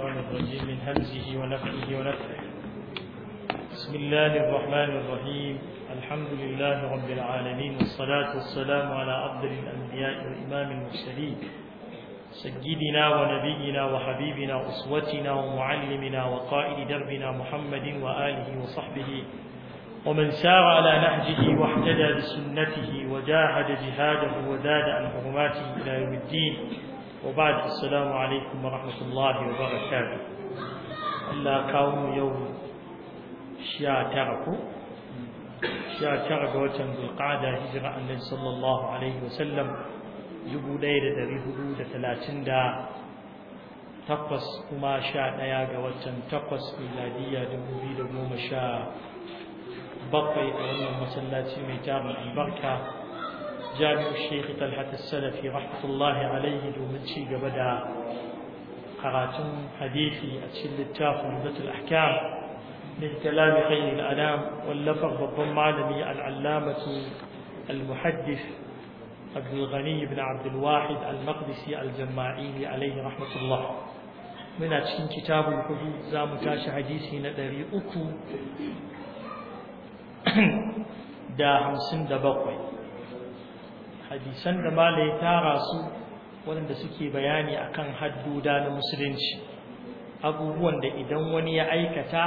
الشيطان الرجيم من همزه ونفخه ونفخه بسم الله الرحمن الرحيم الحمد لله رب العالمين والصلاة والسلام على أفضل الأنبياء وإمام المرسلين سجدنا ونبينا وحبيبنا أسوتنا ومعلمنا وقائد دربنا محمد وآله وصحبه ومن سار على نهجه واحتدى بسنته وجاهد جهاده وزاد عن حرماته إلى يوم الدين وبعد السلام عليكم ورحمة الله وبركاته الله كاوم يوم شيا تعرفوا شيا تعرف وتن بالقعدة هجرة النبي صلى الله عليه وسلم يبو ليلة ذي حدود ثلاثين دا تقص وما شاء نياغ وتن تقص ميلادية دمو بي دمو مشاء بقي أولا مسلاتي ميتار البركة جامع الشيخ طلحة السلفي رحمة الله عليه دومن شي قبدا قراتم حديثي أتشل التاف ذات الأحكام من كلام خير الأنام واللفظ بالضم عالمي العلامة المحدث عبد الغني بن عبد الواحد المقدسي الجماعيني عليه رحمة الله من أتشين كتاب الحدود زام تاش حديثي ندري أكو دا حمسن دا بقوي hadisan da mala ya tara su waɗanda suke bayani akan hadduda na musulunci abubuwan da idan wani ya aikata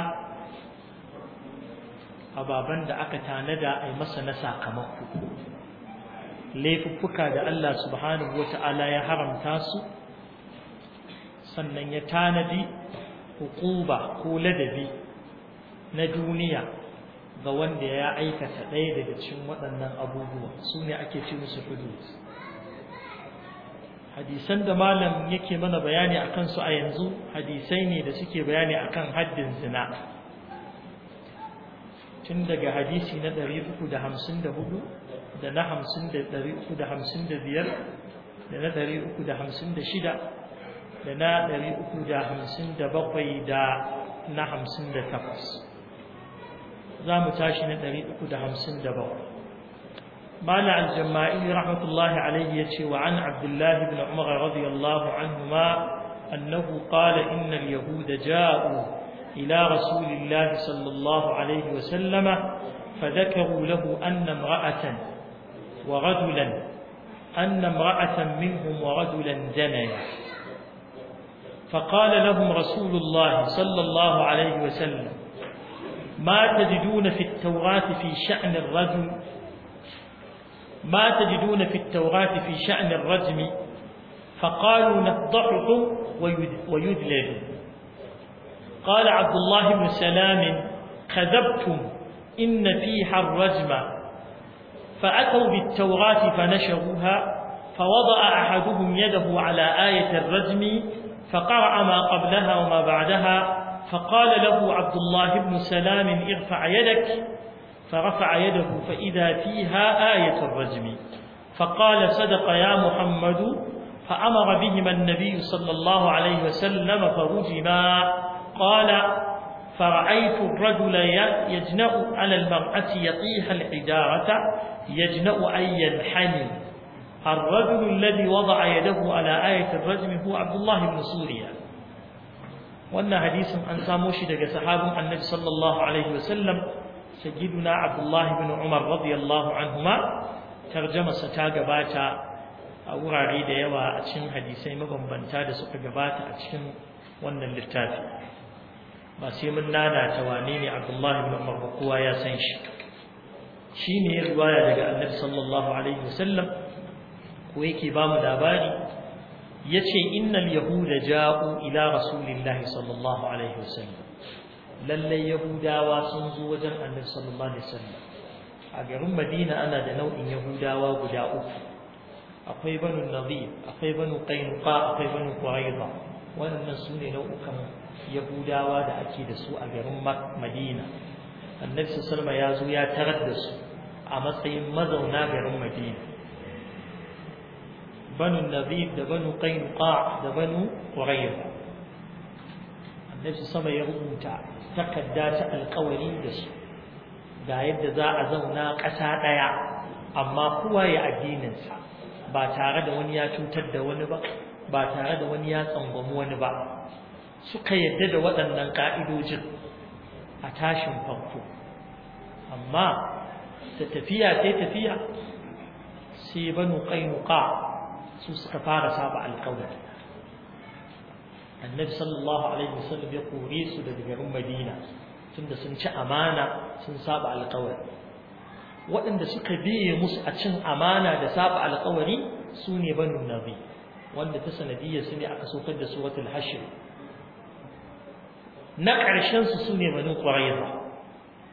ababen da aka tanada a masa na sakamako laifuffuka da Allah subhanahu wata'ala ya haramta su sannan ya tanadi hukuba ko ladabi na duniya ga wanda ya aikata ɗaya daga cikin waɗannan abubuwa su ne ake ce musu hudud hadisan da malam yake mana bayani a kansu a yanzu hadisai ne da suke bayani a kan haddin zina tun daga hadisi na 354 da na 355 da na 356 da na 357 da na 58 زامو تاشي ندري اكو دهم سندبو مانع الجمائي رحمة الله عليه يتشي وعن عبد الله بن عمر رضي الله عنهما أنه قال إن اليهود جاءوا إلى رسول الله صلى الله عليه وسلم فذكروا له أن امرأة ورجلا أن امرأة منهم ورجلا زنيا فقال لهم رسول الله صلى الله عليه وسلم ما تجدون في التوراة في شأن الرجم ما تجدون في التوراة في شأن الرجم فقالوا نفضحه ويدلل قال عبد الله بن سلام كذبتم إن فيها الرجم فأتوا بالتوراة فنشروها فوضع أحدهم يده على آية الرجم فقرأ ما قبلها وما بعدها فقال له عبد الله بن سلام ارفع يدك فرفع يده فإذا فيها آية الرجم فقال صدق يا محمد فأمر بهما النبي صلى الله عليه وسلم فرجما قال فرأيت الرجل يجنأ على المرأة يطيح الحجارة يجنأ أن ينحني الرجل الذي وضع يده على آية الرجم هو عبد الله بن سوريا wannan hadisin an samo shi daga sahabin annabi sallallahu alaihi wasallam sayyiduna abdullah ibn umar radiyallahu anhuma sa ta gabata a wurare da yawa a cikin hadisai mabambanta da suka gabata a cikin wannan littafi ba sai mun nana ta wane ne abdullah ibn umar ba kowa ya san shi shine riwaya daga annabi sallallahu alaihi wasallam ko yake bamu labari yace innal yahuda ja'u ila rasulillahi sallallahu alaihi wasallam lalle yahudawa sun zo wajen annabi sallallahu alaihi wasallam a garin madina ana da nau'in yahudawa guda uku akwai banu nadir akwai banu qainuqa akwai banu quraiza wannan su ne nau'ukan yahudawa da ake da su a garin madina annabi sallallahu alaihi wasallam ya zo ya tarar da su a matsayin mazauna garin madina banu nazif da banu qainuqa da banu qurayza annabi sama ya rubuta takadda ta alƙawari da shi ga yadda za a zauna ƙasa ɗaya amma kowa ya addininsa ba tare da wani ya cutar da wani ba ba tare da wani ya tsangwami wani ba suka yadda da waɗannan ƙa'idojin a tashin farko amma ta tafiya sai tafiya sai banu ƙainuka su suka fara saba alƙawari annabi sallallahu alaihi wasallam ya kore su daga garin madina tunda sun ci amana sun saba alƙawari waɗanda suka biye musu a cin amana da saba alƙawari su ne banu nabi wanda ta sanadiyya su ne aka sokar da wata hashr na ƙarshen su sune banu qurayza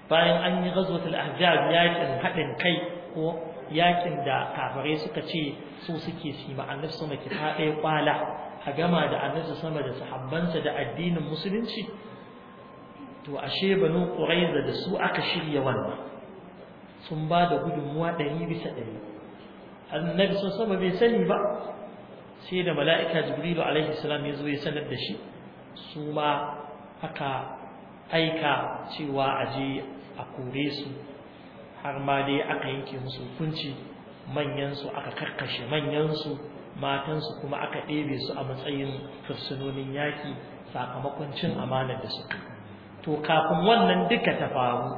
bayan an yi ghazwatul ahzab yaƙin haɗin kai ko yakin da kafirai suka ce su suke su ma annabi sama ki kwala a gama da annabi sama da sahabbansa da addinin musulunci to ashe banu quraiza da su aka shirya wannan sun ba da gudunmuwa ɗari bisa ɗari annabi sun sama bai sani ba sai da mala'ika jibrilu alaihi salam ya zo ya sanar da shi su ma aka aika cewa aje a kore su har ma dai aka yanke musu hukunci manyansu aka karkashe manyansu matansu kuma aka ɗebe su a matsayin fursunonin yaƙi sakamakon cin amanar da suka to kafin wannan duka ta faru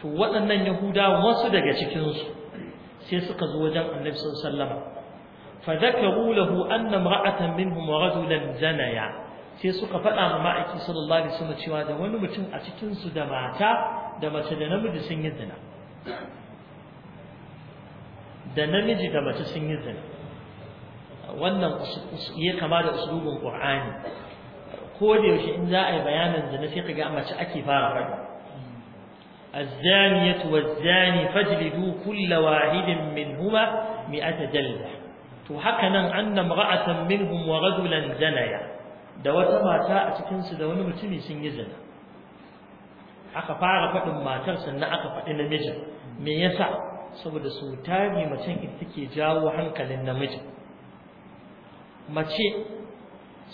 to waɗannan yahudawa wasu daga cikinsu sai suka zo wajen annabi sallallahu fa zakaru lahu anna imra'atan minhum wa zanaya sai suka faɗa ma ma'aiki sallallahu alaihi da wani mutum a cikin su da mata da mace da namiji sun yi zina da namiji da mace sun yi zina wannan ya kama da usulubin qur'ani ko da yaushe in za a yi bayanin zina sai ga mace ake fara faɗi الزانية والزاني فاجلدوا كل واحد منهما مئة جلدة وحكنا أن امرأة منهم ورجلا زنيا دوتما تاء تكنس دون متمي سنجزنا aka fara faɗin matar sannan aka faɗi namijin me yasa saboda su tari macen ita take jawo hankalin namijin mace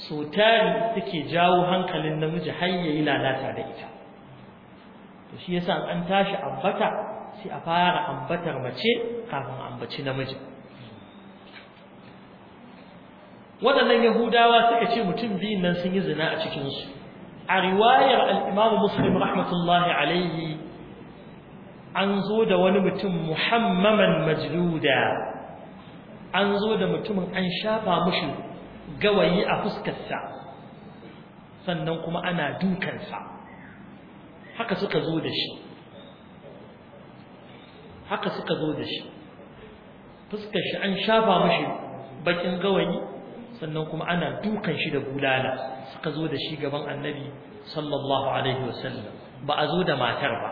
su tari take jawo hankalin namiji har yayi lalata da ita to shi yasa an tashi ambata sai a fara ambatar mace kafin ambaci namiji waɗannan yahudawa suka ce mutum biyun nan sun yi zina a cikinsu a riwayar al'imamu muslim rahmatullahi alaihi an zo da wani mutum muhammaman majluda an zo da mutumin an shafa mushi gawayi a fuskarsa sannan kuma ana dukansa haka suka zo da shi haka suka zo da shi Fuskarsa an shafa mushi bakin gawayi sannan kuma ana dukan shi da bulala suka zo da shi gaban annabi sallallahu alaihi wasallam ba a zo da matar ba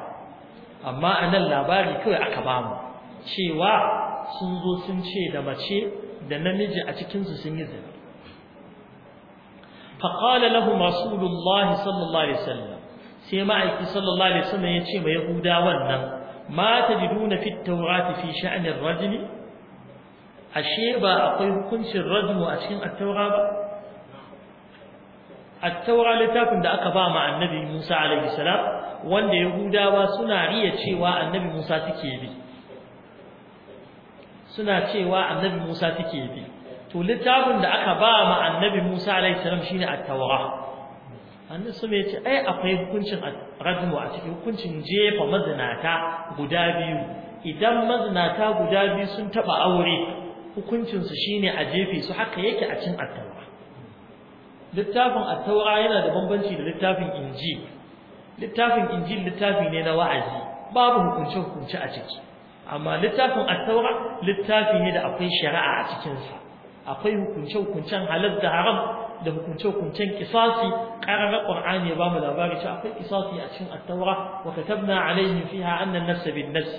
amma a anan labari kawai aka bamu cewa sun zo sun ce da mace da namiji a cikinsu sun yi zai faƙala lahu masu ulullahi sallallahu alaihi wasallam sai ma'aiki sallallahu alaihi wasallam ya ce ma yahuda wannan ma ta ji nuna fi fi sha'anin rajini ashe ba akwai hukuncin rajmi a cikin attaura ba التوراة لتاكن da aka ba ma annabi Musa alaihi salam wanda Yahudawa suna riya cewa annabi Musa take bi suna cewa annabi Musa take bi to littafin da aka ba ma annabi Musa alaihi salam shine at-Taura annabi ya ce ai akwai hukuncin rajmu a cikin hukuncin jefa mazinata guda biyu idan mazinata guda biyu sun taba aure hukuncin su shine a jefe su haka yake a cikin at littafin at-taura yana da bambanci da littafin injil littafin injil littafi ne na wa'azi babu hukunci hukunci a ciki amma littafin at-taura littafi ne da akwai shari'a a cikin sa akwai hukunci hukuncen halal da haram da hukunci hukuncen kisasi qarar qur'ani ya bamu labari cewa akwai kisasi a cikin at-taura wa katabna alaihim fiha anna an-nafs bin-nafs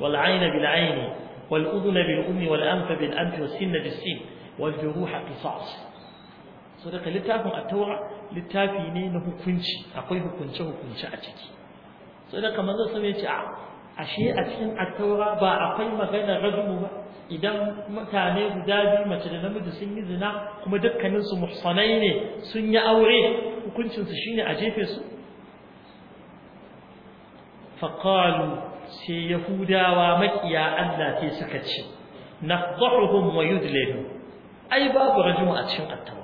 wal ayn bil ayn wal udhun bil udhun wal anf bil-anfi was-sinna bis-sinn wal-juruha qisas sadaka littafin at-taura littafi ne na hukunci akwai hukunce hukunce a ciki sadaka manzo sai ya ce a ah, ashe a cikin at-taura ba akwai magana radu ba idan mutane guda biyu mace da namiji sun yi zina kuma dukkaninsu muhsanai ne sun yi aure hukuncinsu shine a jefe su faƙalu sai yahudawa maƙiya Allah sai suka ce nafdahuhum wa yudlelu ai babu rajum a cikin attawa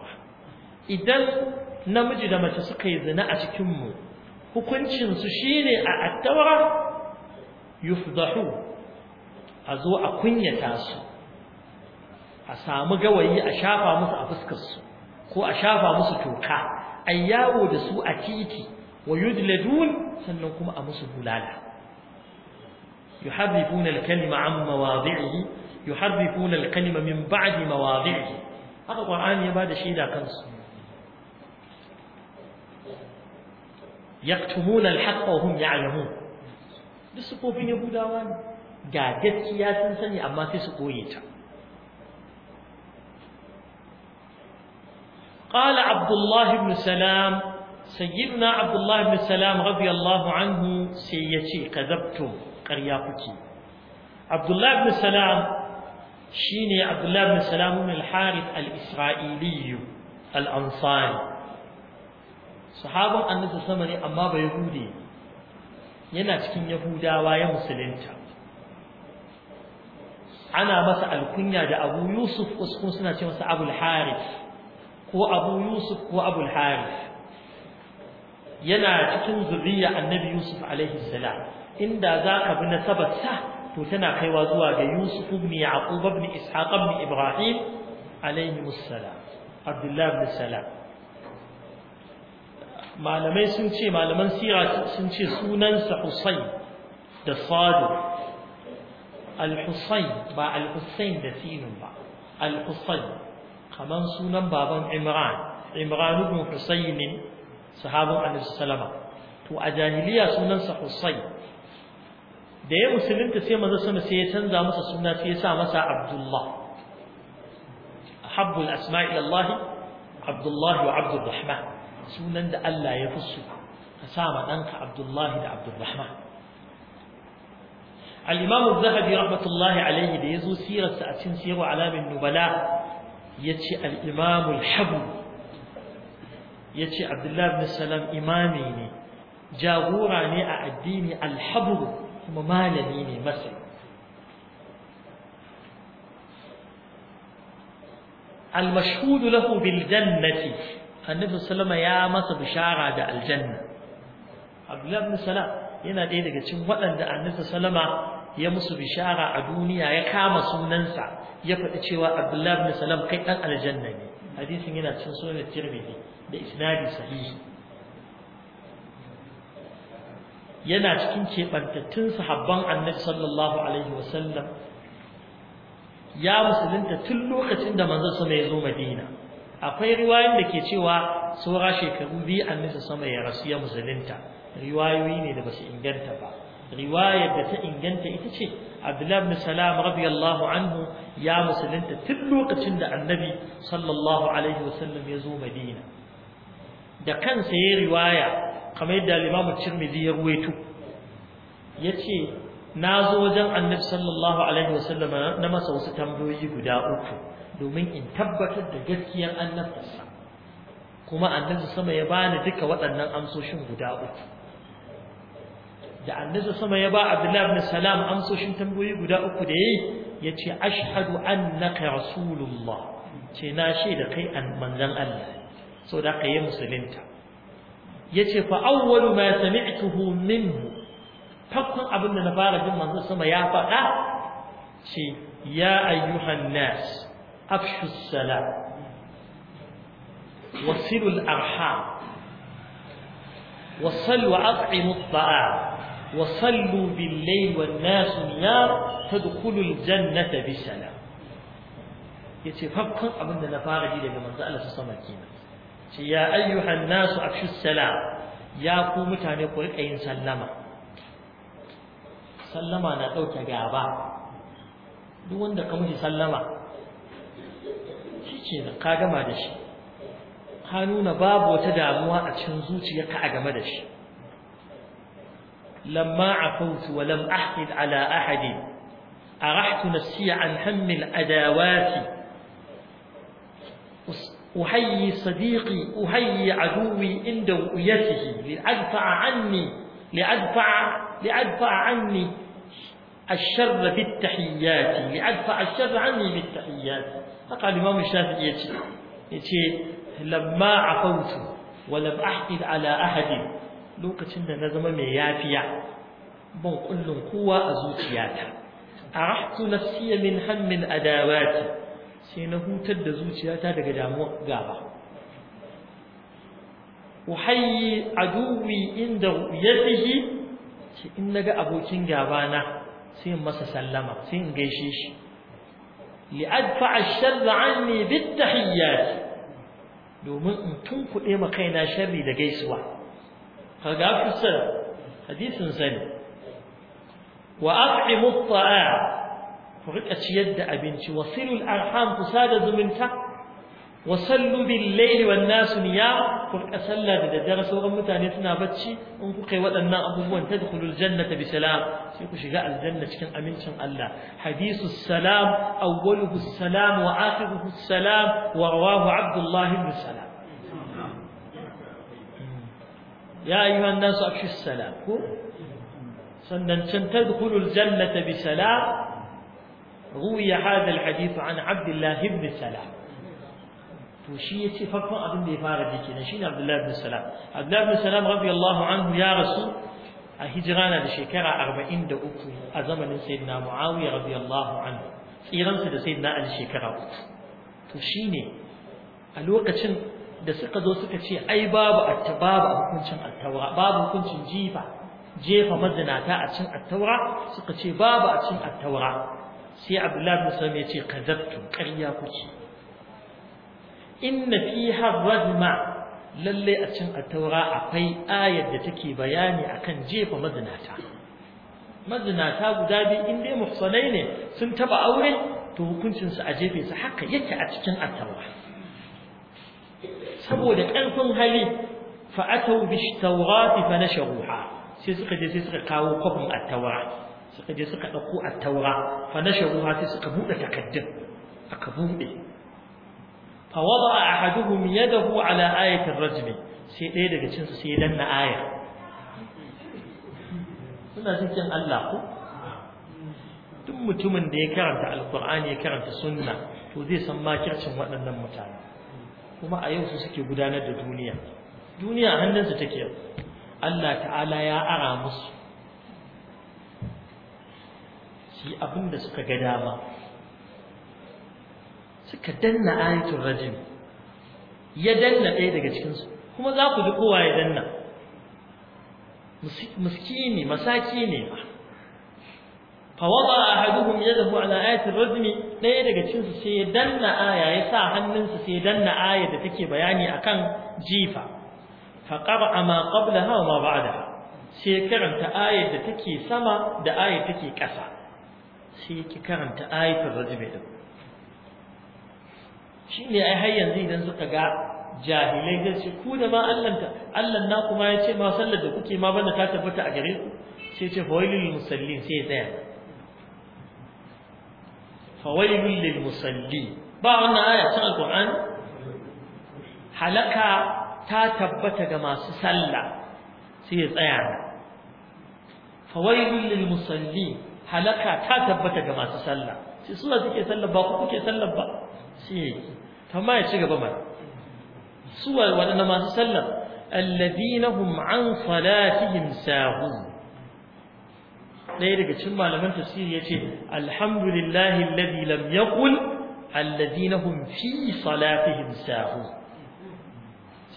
idan namiji da mace suka yi zina a cikinmu hukuncinsu shi ne a attawara yufdahu a zo a kunyata su a samu gawayi a shafa musu a su, ko a shafa musu toka a yawo da su a titi wa yudladun sannan kuma a musu bulala yuharrifuna al-kalima an mawadhi'i yuharrifuna al-kalima min ba'di mawadhi'i haka qur'ani ya bada shaida kansu يكتمون الحق وهم يعلمون duk sufofin yahudawa ne ga gaskiya sun sani amma sai su koye ta قال عبد الله بن سلام سيدنا عبد الله بن سلام رضي الله عنه سيتي كذبتم قرياكتي عبد الله بن سلام شيني عبد الله بن سلام بن الحارث الإسرائيلي الأنصاري sahabin annabi sama ne amma ba yahudi yana cikin yahudawa ya musulunta ana masa alkunya da abu yusuf wasu kuma suna ce masa abul harif ko abu yusuf ko abul harif yana cikin zuriya annabi yusuf alaihi salam inda za ka bi nasabarsa to tana kaiwa zuwa ga yusuf ibn yaqub ibn ishaq ibn ibrahim alaihi salam Abdullahi ibn salam malamai sun ce malaman sira sun ce sunansa Husayn da Sadu Al-Husayn ba Al-Husayn da Sinun ba Al-Husayn sunan baban Imran Imran ibn Husayn sahabin Annabi salama to a jahiliya sunansa Husayn da ya musulunta sai manzo sama sai ya canza masa suna sai ya sa masa Abdullah ahabbul asma'i ila Allah Abdullah wa Abdurrahman sunan da Allah ya fi su ka sa ma ɗanka Abdullahi da Abdulrahman al zahabi rahmatullahi alayhi da zo sirarsa a cikin sirru alamin nubala Ya ce imam al-Habu yace Abdullahi ibn Salam imami ne jagora ne a addini al-Habu kuma malami ne masai lahu له بالجنة annabi sallama ya masa bishara da aljanna abdullahi ibn salam yana ɗaya daga cikin waɗanda annabi sallama ya musu bishara a duniya ya kama sunansa ya faɗi cewa abdullahi ibn salam kai ɗan aljanna ne hadisin yana cikin sunan tirmidhi da isnadi sahihi yana cikin keɓantattun sahabban annabi sallallahu alaihi wasallam ya musulunta tun lokacin da manzon sama ya zo madina akwai riwayoyin da ke cewa saura shekaru biyu annabi sama ya rasu ya musulunta riwayoyi ne da basu inganta ba riwayar da ta inganta ita ce abdullahi ibn Salam radiyallahu anhu ya musulunta tun lokacin da annabi sallallahu alaihi wasallam ya zo Madina da kansa ya riwaya kamar yadda Imam Tirmidhi ya ruwaito yace na zo wajen annabi sallallahu alaihi wasallam na masa wasu tambayoyi guda uku domin in tabbatar da gaskiyar annabtarsa kuma annabi sama ya bani duka waɗannan amsoshin guda uku da annabi sama ya ba Abdullahi ibn Salam amsoshin tambayoyi guda uku da yayi yace ashhadu annaka rasulullah ce na shaida kai manzon Allah so da kai musulunta yace fa awwalu ma sami'tuhu minhu farkon abin da na fara jin manzon sama ya faɗa ce ya ayyuhan nas afshu salam wasilu al-arham وصل وأطعموا الطعام وصلوا بالليل والناس نيام فادخلوا الجنة بسلام yace farkon abin na fara ji daga manzo Allah sama kenan ce ya ayyuhan nasu afshu salam ya ku mutane ku rika yin sallama sallama na dauke gaba duk wanda ka mishi sallama kenan ka gama da shi ka nuna babu wata damuwa a لما عفوت ولم أحقد على أحد أرحت نفسي عن هم الأداوات أحيي صديقي أحيي عدوي عند دوئته لأدفع عني لأدفع لأدفع عني الشر بالتحيات لأدفع الشر عني بالتحيات haka limamu shafi ya ce ya ce lamma a fautu walam ahid ala ahadi lokacin da na zama mai yafiya ban kullum kowa a zuciyata a rahtu nafsiya min hammin adawati sai na hutar da zuciyata daga damuwa gaba uhayyi aduwi inda ru'yatihi shi in naga abokin gaba na sai masa sallama sai in gaishe shi لأدفع الشر عني بالتحيات لمن ان تنقل ايما كاينا شر اذا جاي سوى قال في السلام حديث سلم و الطعام فقلت اشيد ابنتي وصلوا الارحام تساد زمنتك وصلوا بالليل والناس نيام كفك أسلا دي درسوا سوغا متاني تنا بتشي انكو قي ودنا أبو بوان تدخلوا الجنة بسلام سيكو شقاء الجنة شكن أمين شن الله حديث السلام أوله السلام وآخره السلام ورواه عبد الله بن سلام يا أيها الناس أبشي السلام سنن شن تدخلوا الجنة بسلام روي هذا الحديث عن عبد الله بن سلام to shi yace farkon abin da ya fara da kenan shine Abdullahi ibn Salam Abdullahi ibn Salam radiyallahu anhu ya rasu a hijira na da shekara 43 a zamanin sayyidina Muawiya radiyallahu anhu tsiransa da sayyidina Ali shekara uku to shine a lokacin da suka zo suka ce ai babu attababu hukuncin attawa babu hukuncin jifa jefa mazinata a cin attaura suka ce babu a cin attaura sai Abdullahi ibn Salam ya ce kazabtu ƙarya kuke inna fiha rajma lalle a cikin attaura, taura akwai ayar da take bayani akan jefa mazinata mazinata guda biyu in dai muhsanai ne sun taba aure to hukuncin su a jefe su haka yake a cikin at-taura saboda karfin hali fa atau bi tawrati fa nasharuha sai suka je sai suka kawo kofin at-taura suka je suka dauko at-taura fa nasharuha sai suka bude takaddun aka bude fa wada ahaduhum yadahu ala ayati rajmi, rajm sai ɗaya daga cikin su sai danna aya suna cikin Allah ko duk mutumin da ya karanta alqur'ani ya karanta sunna to zai san makircin waɗannan mutane kuma a yau su suke gudanar da duniya duniya hannunsu take Allah ta'ala ya ara musu shi abin da suka ga dama suka danna ayatul rajim ya danna ɗaya daga cikinsu kuma za ku ji kowa ya danna miskini masaki ne ba wada ahaduhum yadahu ala ayatul rajim ɗaya daga cikinsu sai ya danna aya ya sa hannunsa sai ya danna aya da take bayani akan jifa fa qara ma qablaha wa ma ba'daha sai ya karanta ayar da take sama da ayar take ƙasa sai ya karanta ayatul rajim din shi ne ai har yanzu idan suka ga jahilai zai ce ku da ma allanta. ta Allah na kuma ya ce ma sallar da kuke ma bana ta tabbata a gare ku sai ce fawailul musallin sai ya tsaya fawailul lil musallin ba wannan aya ta alquran halaka ta tabbata ga masu sallah sai ya tsaya fawailul lil musallin halaka ta tabbata ga masu sallah sai suna suke sallah ba ku kuke sallah ba shi yake amma ya ci gaba mana su waɗanda masu sallar alladhina hum an salatihim sahun ɗaya daga cikin malaman tafsiri yace alhamdulillahi alladhi lam yaqul alladhina hum fi salatihim sahun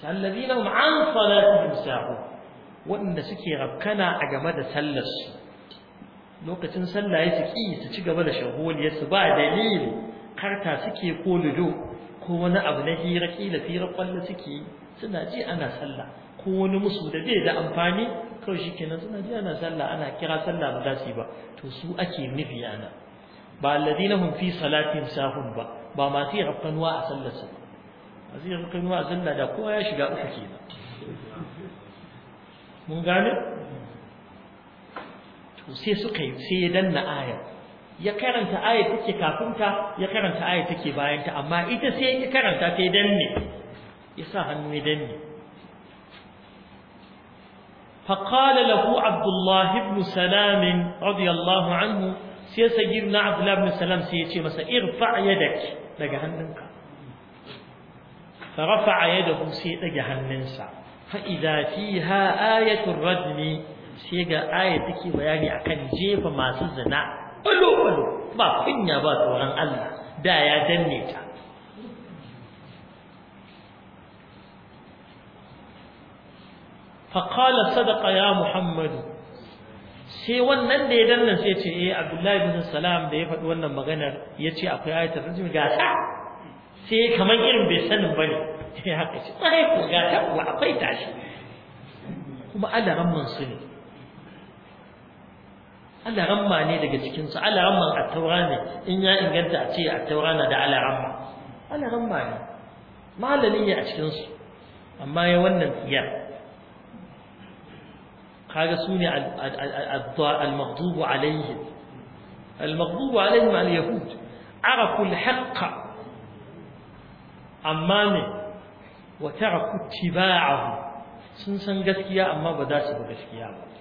alladhina hum an salatihim sahun waɗanda suke rabkana a game da sallar su lokacin sallah ya su ci gaba da shagoliyar su ba dalili karta suke ko ludo ko wani abu na hira kila fira kwallo suke suna ji ana sallah ko wani musu da bai da amfani kawai shikenan suna ji ana sallah ana kira sallah ba za su ba to su ake nufi ana ba alladina hum fi salatin sahun ba ba ma fi rafkanuwa a sallar su ba fi rafkanuwa a sallah da kowa ya shiga uku kenan mun gane to sai suka yi sai ya danna ayar ya karanta ayat take kafin ta ya karanta ayat take bayan ta amma ita sai ya karanta sai danne ya sa hannu ya danne فقال له عبد الله بن سلام anhu sai عنه sai sagirna abdullah ibn salam sai ya ce masa irfa yadak daga hannunka fa rafa'a yadahu sai daga hannunsa fa idza fiha ayatul radmi sai ga aya take bayani akan jefa masu zina balo-balo ba kunya ba tsoron Allah da ya danne ta faƙala sadaka ya muhammadu sai wannan da ya danna sai ce eh abdullahi bin salam da ya faɗi wannan maganar ya ce akwai ayatul rajim gasa sai kamar irin bai sanin ba ne ya haka ce ai ko gasa akwai tashi kuma adaran mun su ne alaramma ne daga cikinsu alaramman attaura ne in ya inganta a ce attaura na da alaramma alaramma ne malami ne a cikinsu amma ya wannan tsiyar kaga su ne al-maghdubu alaihim al-maghdubu alaihim al-yahud arafu al-haqq amma ne wa taraku tibaahu sun san gaskiya amma ba za su bi gaskiya ba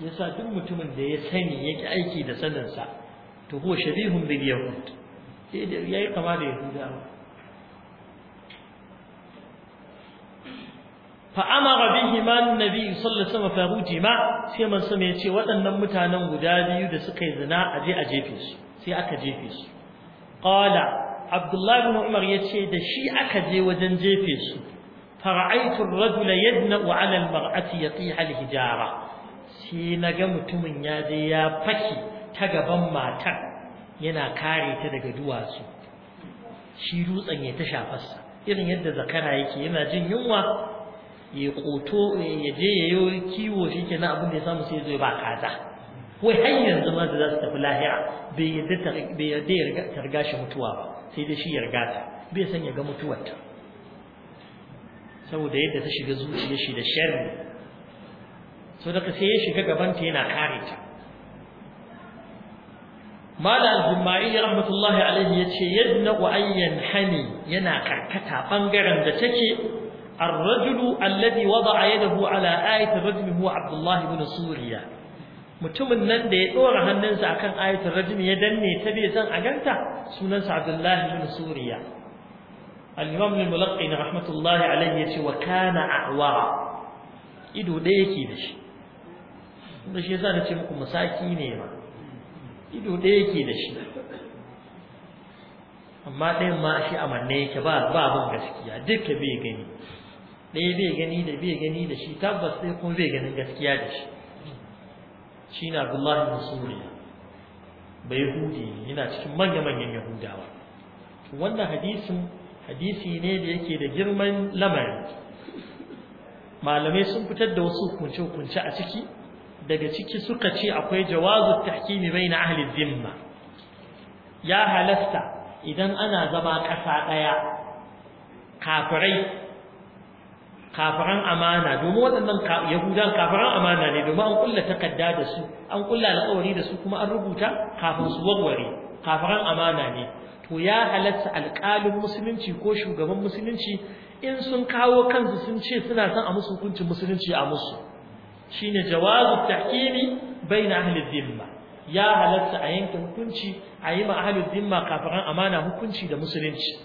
shi yasa duk mutumin da ya sani yake aiki da saninsa to huwa shabihun bil yahud sai da yayi kama da yahudawa fa amara bihi man nabi sallallahu alaihi wasallam fa ma sai man sama yace waɗannan mutanen guda biyu da suka yi zina a je a jefe su sai aka jefe su qala abdullahi ibn umar yace da shi aka je wajen jefe su فرأيت الرجل يدنأ على المرأة يطيح الهجارة shi na ga mutumin ya je ya fashi ta gaban matar yana kare ta daga duwatsu shi dutsen ya ta shafarsa irin yadda zakara yake yana jin yunwa ya koto ya je ya yi kiwo shi ke na abin da ya samu sai zai ba kaza wai har yanzu da za su tafi lahira bai yadda ya targa shi mutuwa ba sai dai shi ya riga ta bai san ya ga mutuwarta saboda yadda ta shiga zuciyar shi da sharri so daga sai ya shiga gabanta yana kare ta mala al-jumma'i rahmatullahi alaihi yace "Yadda wa ayyan hani yana karkata ɓangaren da take ar-rajulu alladhi wada'a yadahu ala ayati rajmi huwa Abdullahi ibn suriya mutumin nan da ya dora hannunsa akan ayatul rajmi ya danne ta bai san a ganta sunansa abdullah ibn suriya al-imam al-mulaqqin rahmatullahi alaihi yace wa kana a'wara ido ɗaya yake da shi kuma shi yasa na ce muku musaki ne ma ido ɗaya yake da shi amma ɗayan ma shi amanne yake ba ba abin gaskiya duka bai gani ɗaya bai gani da bai gani da shi tabbas ɗaya kuma bai ganin gaskiya da shi shi na Abdullahi bin Suriya bai Yahudi yana cikin manya-manyan Yahudawa wannan hadisin hadisi ne da yake da girman lamari malamai sun fitar da wasu hukunce-hukunce a ciki daga ciki suka ce akwai jawazu tahkimi baina ahli dhimma ya halasta idan ana zama kasa ɗaya kafirai kafiran amana domin waɗannan yahudan kafiran amana ne domin an kulla takadda da su an kulla alƙawari da su kuma an rubuta kafin su warware kafiran amana ne to ya halatta alƙalin musulunci ko shugaban musulunci in sun kawo kansu sun ce suna son a musu hukuncin musulunci a musu shine jawazu tahkimi baina ahli dhimma ya halatta a yanke hukunci a yi ma ahli dhimma kafiran amana hukunci da musulunci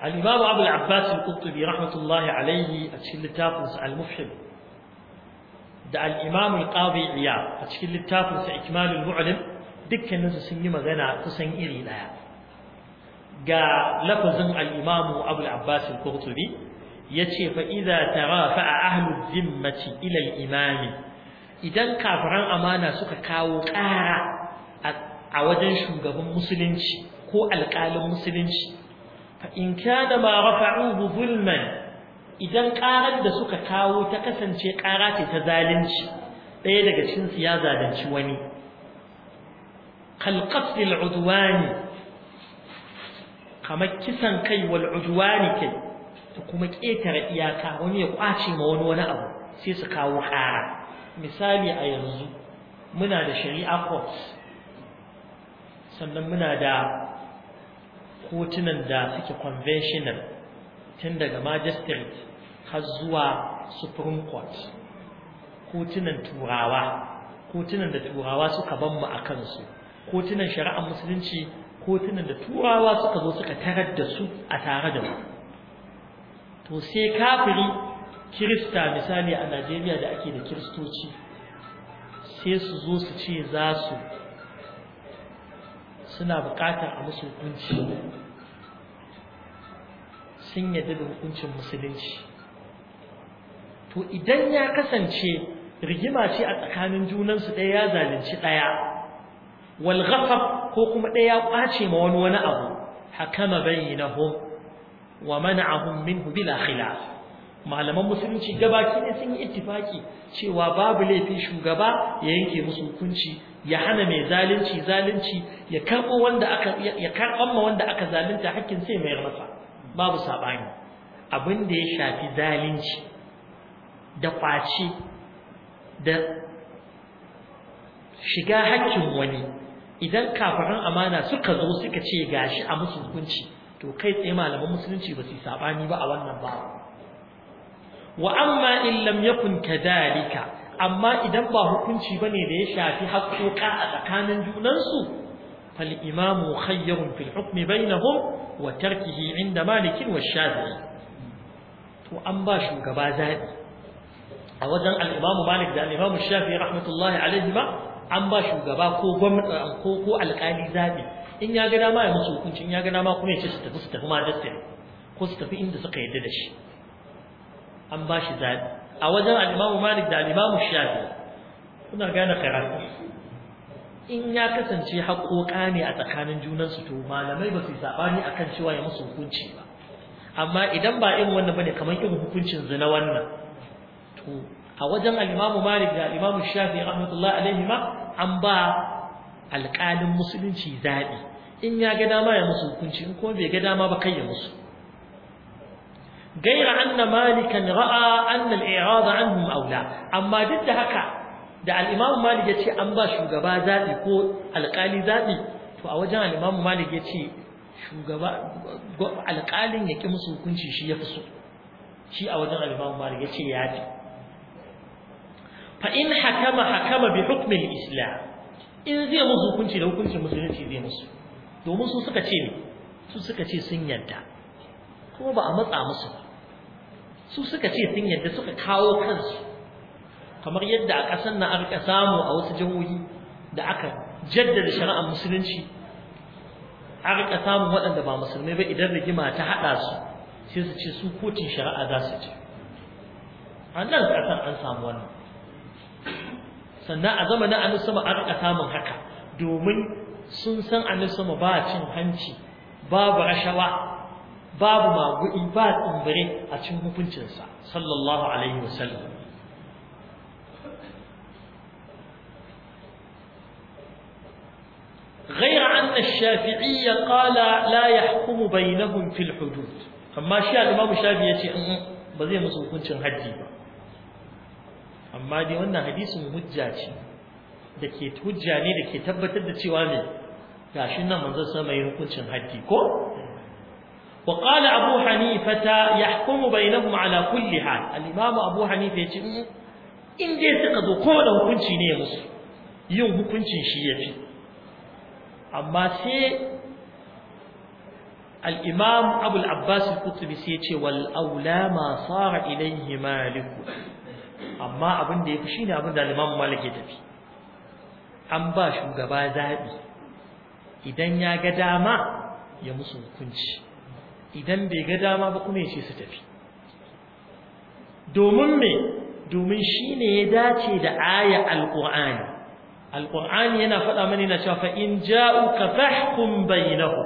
al-imam abu al-abbas al-qutubi rahmatullahi alayhi a cikin littafinsa al-mufhim da al-imam al-qadi iyad a cikin littafinsa ikmalul mu'lim dukkaninsu sun yi magana kusan iri daya ga lafazin al-imam abu al-abbas al-qutubi yace fa idza tarafa'a ahlu zimmati ila al-imam idan kafiran amana suka kawo ƙara a wajen shugaban musulunci ko alƙalin musulunci fa in kana ma rafa'uhu zulman idan ƙarar da suka kawo ta kasance ƙara ce ta zalunci ɗaya daga cikin ya zalunci wani kal al-udwani kamar kisan kai wal udwani kai su kuma ƙetare iyaka wani ya ƙwace ma wani wani abu sai su kawo ƙara misali a yanzu muna da shari'a court sannan muna da kotunan da suke conventional tun daga magistrate har zuwa supreme court kotunan turawa kotunan da turawa suka ban mu a kansu kotunan shari'ar musulunci kotunan da turawa suka zo suka tarar da su a tare da mu to sai kafiri kirista misali a Najeriya da ake da kiristoci sai su zo su ce za su suna bukatar a musu hukunci sun yadda da hukuncin musulunci to idan ya kasance rigima ce a tsakanin junansu ɗaya ya zalunci ɗaya walgafa ko kuma ɗaya ya ƙwace ma wani wani abu hakama bainahum wa mana'ahum minhu bila khilaf malaman musulunci gabaki ne sun yi ittifaki cewa babu laifi shugaba ya yanke musu hukunci ya hana mai zalunci zalunci ya karbo wanda aka ya ma wanda aka zalunta hakkin sai mai rasa babu sabani abin da ya shafi zalunci da kwaci da shiga hakkin wani idan kafaran amana suka zo suka ce gashi a musulunci. hukunci to kai tsaye malaman musulunci ba su sabani ba a wannan ba wa amma in lam yakun kadhalika amma idan ba hukunci bane da ya shafi haƙoƙa a tsakanin junansu fal imamu khayyarun fil hukmi bainahum wa tarkihi inda malikin wa shafi'i to an ba shugaba zabi a wajen al-imamu malik da al-imamu shafi'i rahmatullahi alaihi ba an ba shugaba ko gwamnati ko ko alƙali zabi in ya ga dama ya musu hukunci in ya ga dama kuma ya ce su tafi su tafi ma majalisar ko su tafi inda suka yadda da shi an ba shi zaɓi a wajen al'imamu malik da al'imamu shafi kuna gane karatu in ya kasance haƙoƙa ne a tsakanin junansu to malamai ba su yi saɓani a kan cewa ya musu hukunci ba amma idan ba irin wannan bane kamar irin hukuncin zina wannan to a wajen al'imamu malik da al'imamu shafi rahmatullahi alaihi ma an ba alƙalin musulunci zaɓi in ya ga dama ya musu hukunci in kuma bai ga dama ba kai ya musu gaira anna malikan ra'a anna al-i'rad anhum aula amma duk da haka da al malik ya ce an ba shugaba zaɓi ko alƙali zaɓi to a wajen al malik ya ce shugaba alƙalin ya ƙi musu hukunci shi ya fi so shi a wajen malik ya ce ya fi fa in hakama hakama bi hukmin Isla. in zai musu hukunci da hukuncin musulunci zai musu domin su suka ce ne su suka ce sun yadda kuma ba a matsa musu ba su suka ce sun yadda suka kawo kansu kamar yadda a ƙasar na arka samu a wasu jihohi da aka jaddada shari'ar musulunci aka samun waɗanda ba musulmai ba idan rigima ta haɗa su sai su ce su kotun shari'a za su ce a nan ƙasar an samu wannan sannan a zamanin annabi sama a rika samun haka domin sun san annabi sama ba cin hanci babu rashawa babu magu'i, ba tsumbure a cin hukuncinsa sallallahu alaihi wasallam غير أن الشافعي قال لا يحكم بينهم في الحدود amma shi al'imamu shafi ya ce ba zai musu hukuncin hajji ba amma dai wannan hadisin hujja ce da ke hujja ne da ke tabbatar da cewa ne gashin nan manzon sa mai hukuncin haddi ko wa abu hanifa ta yahkumu bainahum ala kulli hal al imam abu hanifa yace mm, in dai suka zo ko da hukunci ne musu yin hukuncin shi yafi amma sai Al'imam الإمام أبو العباس القطبي سيتي والأولى ما صار إليه مالك amma abin da ya fi shi ne abin da Imam Malik ya tafi an ba shugaba zaɓi. idan ya ga dama ya musu hukunci idan bai ga dama ba kuma ya ce su tafi domin me domin shi ne ya dace da aya alqur'ani alqur'ani yana faɗa mani na cewa fa in ja'uka fahkum bainahu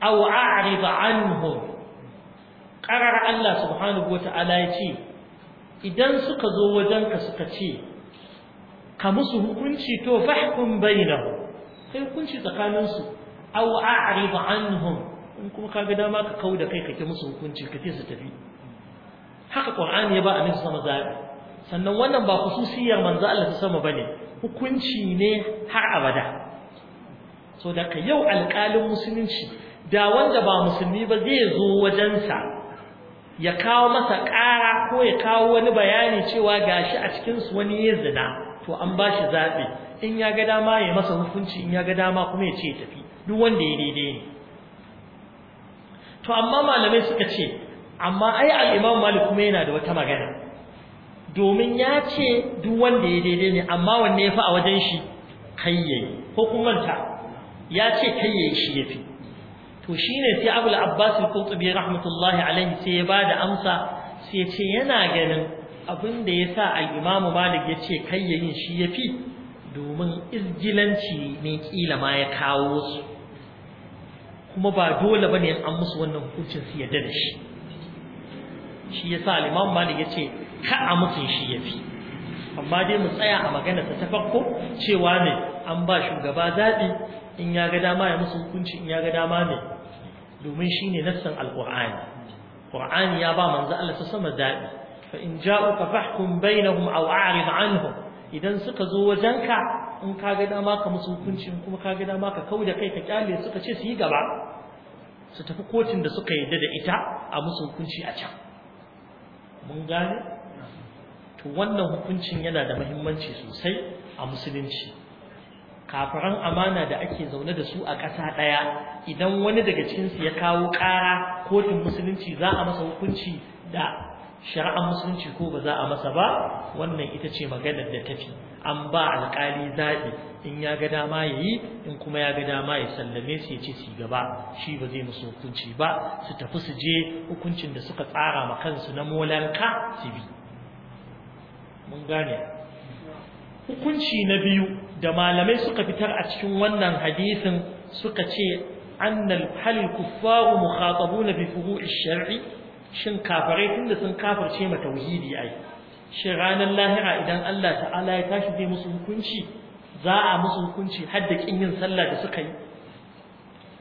aw a'rid anhum qarar Allah subhanahu wata'ala ya ce idan suka zo wajenka suka ce ka musu hukunci to fahkum bainahu kai hukunci tsakaninsu aw a'rid anhum in kuma ka ga dama ka kauda kai kake musu hukunci ka ce su tafi haka qur'ani ya ba annabi sama zabi sannan wannan ba khususiyar manzo Allah ta sama bane hukunci ne har abada so da yau alƙalin musulunci da wanda ba musulmi ba zai zo wajensa ya kawo masa ƙara ko ya kawo wani bayani cewa gashi a cikinsu wani ya zina to an ba shi zaɓe in ya ga dama ya masa hukunci in ya ga dama kuma ya ce ya tafi duk wanda ya daidai ne to amma malamai suka ce amma ai al'imam Malik kuma yana da wata magana domin ya ce duk wanda ya daidai ne amma wanne ya fi a wajen shi kayyayi ko kuma ta ya ce kayyayi shi ya fi to shine sai abul abbas al-qurtubi rahmatullahi alaihi sai ya da amsa sai ya ce yana ganin abin da ya sa al malik ya ce kai yayin shi yafi domin izgilanci ne kila ma ya kawo su kuma ba dole bane an musu wannan hukuncin su yadda da shi shi yasa al-imam malik ya ce ka a shi yafi amma dai mu tsaya a magana ta farko cewa ne an ba shugaba zabi in ya ga dama ya musu hukunci in ya ga dama ne domin shi shine nassan Alƙur'ani. Ƙur'ani ya ba manzo Allah ta sama daɗi. fa in ja'uka fahkum bainahum aw a'rid anhum idan suka zo wajenka in ka ga dama ka musu hukunci kuma ka ga dama ka kauda kai ka kyale suka ce su yi gaba su tafi kotun da suka yadda da ita a musu hukunci a can mun gane to wannan hukuncin yana da muhimmanci sosai a musulunci kafiran amana da ake zaune da su a ƙasa ɗaya idan wani daga cikinsu ya kawo ƙara kotun musulunci za a masa hukunci da shari'ar musulunci ko ba za a masa ba wannan ita ce maganar da tafi an ba alƙali zaɓi in ya ga dama ya yi in kuma ya ga dama ya sallame su ya ce su gaba shi ba zai musu hukunci ba su tafi su je hukuncin da suka tsara ma kansu na molanka su bi mun gane hukunci na biyu da malamai suka fitar a cikin wannan hadisin suka ce annal halil kuffaru mukhatabuna bi furu'i shar'i shin kafirai tunda sun kafirce ma tauhidi ai shin ranar lahira idan Allah ta'ala ya tashi zai musu hukunci za a musu hukunci har da kin yin sallah da suka yi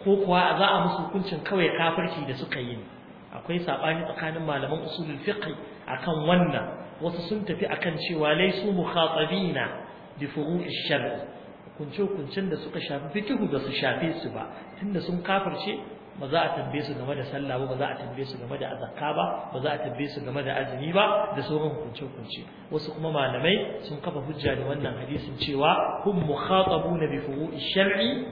ko kuwa za a musu hukuncin kawai kafirci da suka yi ne akwai sabani tsakanin malaman usulul fiqh akan wannan wasu sun tafi akan cewa laysu mukhatabina bi furu'i shar' kunce kuncin da suka shafi fiqh ba su shafe su ba tunda sun kafirce ba za a tambaye su game da sallah ba za a tambaye su game da azaka ba ba za a tambaye su game da azumi ba da sauran hukunce hukunce wasu kuma malamai sun kafa hujja da wannan hadisin cewa hum mukhatabuna bi furu'i shar'i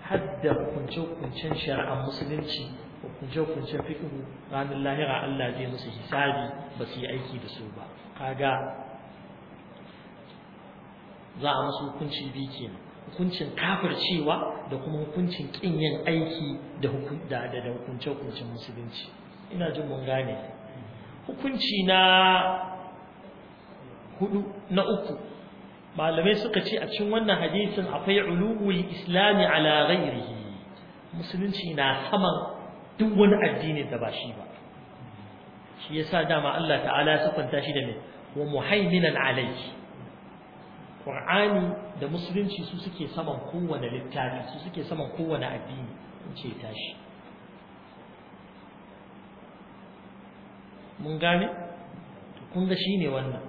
hadda kunce hukuncen shari'ar musulunci Hukuncin-hukuncin fikihu ranar lahira Allah zai musu hisabi ba su yi aiki da su ba kaga za a musu hukunci biyu kenan hukuncin kafircewa da kuma hukuncin kin yin aiki da hukunce musulunci ina jin mun gane hukunci na hudu na uku malamai suka ce a cikin wannan hadisin akwai ulul islami ala ghairihi musulunci na saman duk wani addinin da ba shi ba shi yasa dama Allah ta'ala ya siffanta shi da me wa muhaiminan alayhi Qur'ani da musulunci su suke saman kowane littafi su suke saman kowane addini in ce tashi mun gane kun ga shine wannan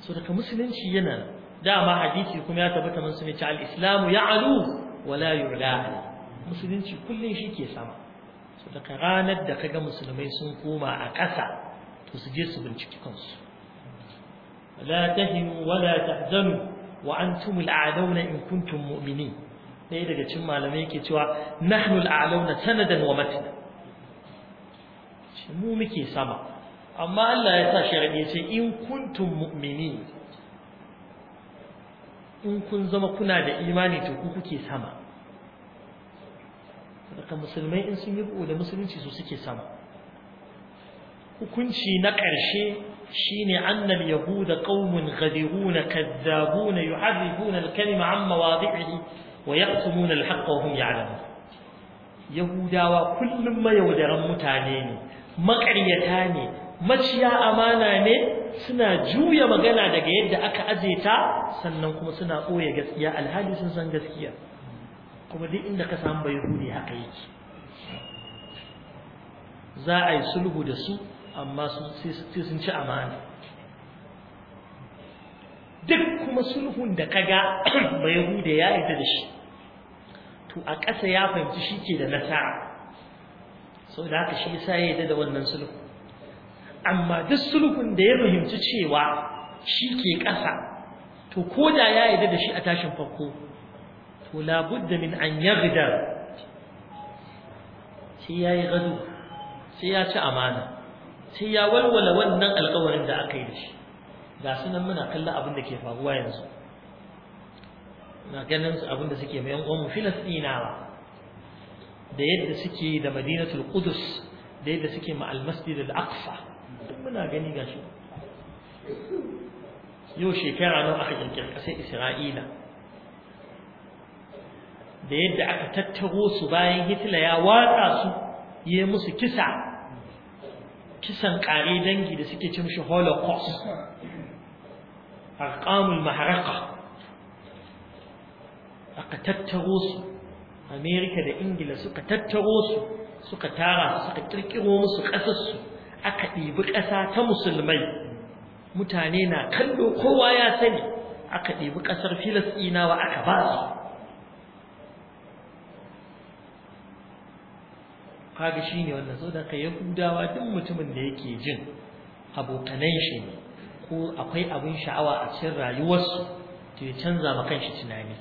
so daga musulunci yana dama hadisi kuma ya tabbata mun sun ce al-islamu ya'lu wa la yu'la musulunci kullun shi ke sama su daga ranar da kaga musulmai sun koma a ƙasa to su je su binciki kansu la tahimu wa la tahzanu wa antum al'alawna in kuntum mu'minin dai daga cikin malamai yake cewa nahnu al'alawna sanadan wa matna mu muke sama amma Allah ya sa sharadi ya ce in kuntum mu'minin in kun zama kuna da imani to ku kuke sama daga musulmai in sun yi da musulunci su suke sama hukunci na ƙarshe shine annal yahuda qaumun ghadiruna kadzabuna yuharrifuna al-kalima an mawadi'ihi wa yaqtumuna al yahudawa kullum mayaudaran mutane ne maƙaryata ne maciya amana ne suna juya magana daga yadda aka aje ta sannan kuma suna ɓoye gaskiya alhali sun san gaskiya kuma duk inda ka samu bayahudi haka yake za a yi sulhu da su amma sai sun ci amana duk kuma sulhun da kaga bayahuda ya yi da shi to a ƙasa ya fahimci shi ke da nasara sau da haka shi sa ya yi da wannan sulhu amma duk sulhun da ya fahimci cewa shi ke ƙasa to ko da ya yi da shi a tashin farko to labudda min an yaghdar ya yi gado sai ya ci amana sai ya walwala wannan alƙawarin da aka yi da shi ga su nan muna kalla abin da ke faruwa yanzu na ganin abin da suke mayan uwan filistinawa da yadda suke da madinatul qudus da yadda suke ma almasjid al-aqsa duk muna gani shi. yau shekara nawa aka kirkira kasar isra'ila da yadda aka tattaro su bayan Hitler ya watsa su yi musu kisa kisan ƙare dangi da suke cin shi holocaust arqamul maharaka aka tattaro su Amerika da Ingila suka tattaro su suka tara su suka kirkiro musu ƙasarsu aka ɗibi ƙasa ta musulmai mutane na kallo kowa ya sani aka ɗibi ƙasar Filistinawa aka ba su kaga ne wannan ka yi yahudawa duk mutumin da yake jin abokanai shi ne ko akwai abin sha'awa a cikin rayuwarsu to ya canza ma kanshi tunani